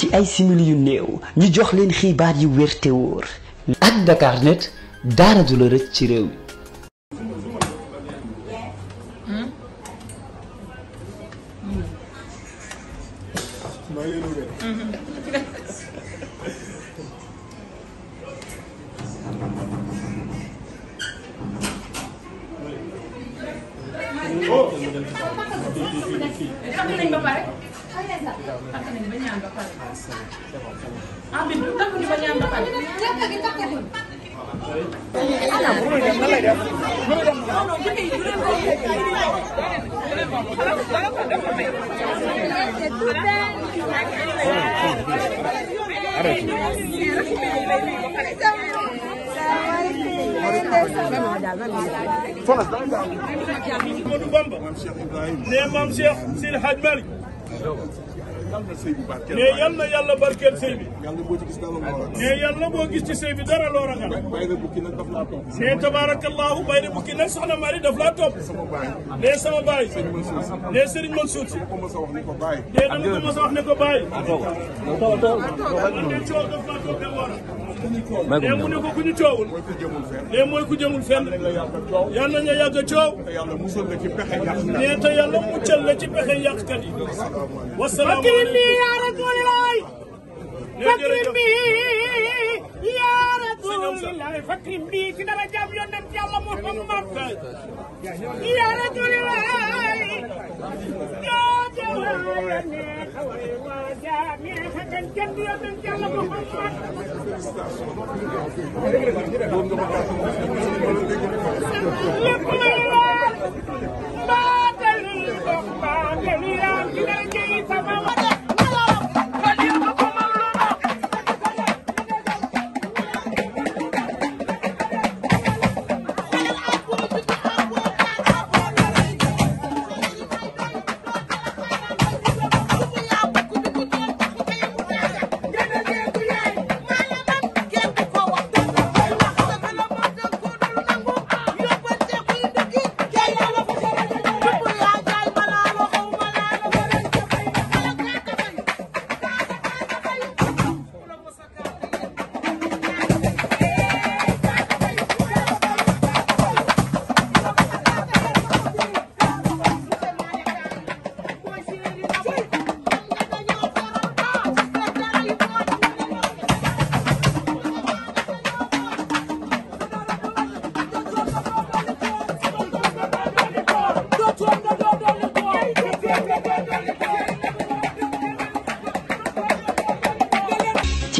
ci ay simili yu néew ñu jox leen xibaar yu wér te wóor ak Dakarnet daara du rëcc ci réew mi. takk ba ñaan ba pare. ah bi takk nañu ba ñaan ba pare. Cheikh Ibrahima. nee maam Cheikh Seydi Hadj Malick Logo. mais yal na yàlla barkeel sëy bi. mais yàlla boo gis ci sëy bi dara loo ragal. mais tabaarakallaahu bay na bukki nag soxna Mari daf laa topp. mais sama baay. mais Serigne Mansour si. mais dama ko mos a wax ne ko bàyyi. mais ah, ah, coow daf laa toppee woon. mais mu ne ko ku ñu coowul. mais mooy ku jëmul fenn. yal na nga a coow. mais te yàlla muccal la ci pexe yàqkat yi. wasalaamaaleykum. مني يا رسول الله فكر بي يا رسول الله فكر بي كنا رجاب يونم يا الله محمد يا رسول الله يا جواني خوي وجامي حقا جنب يونم يا الله محمد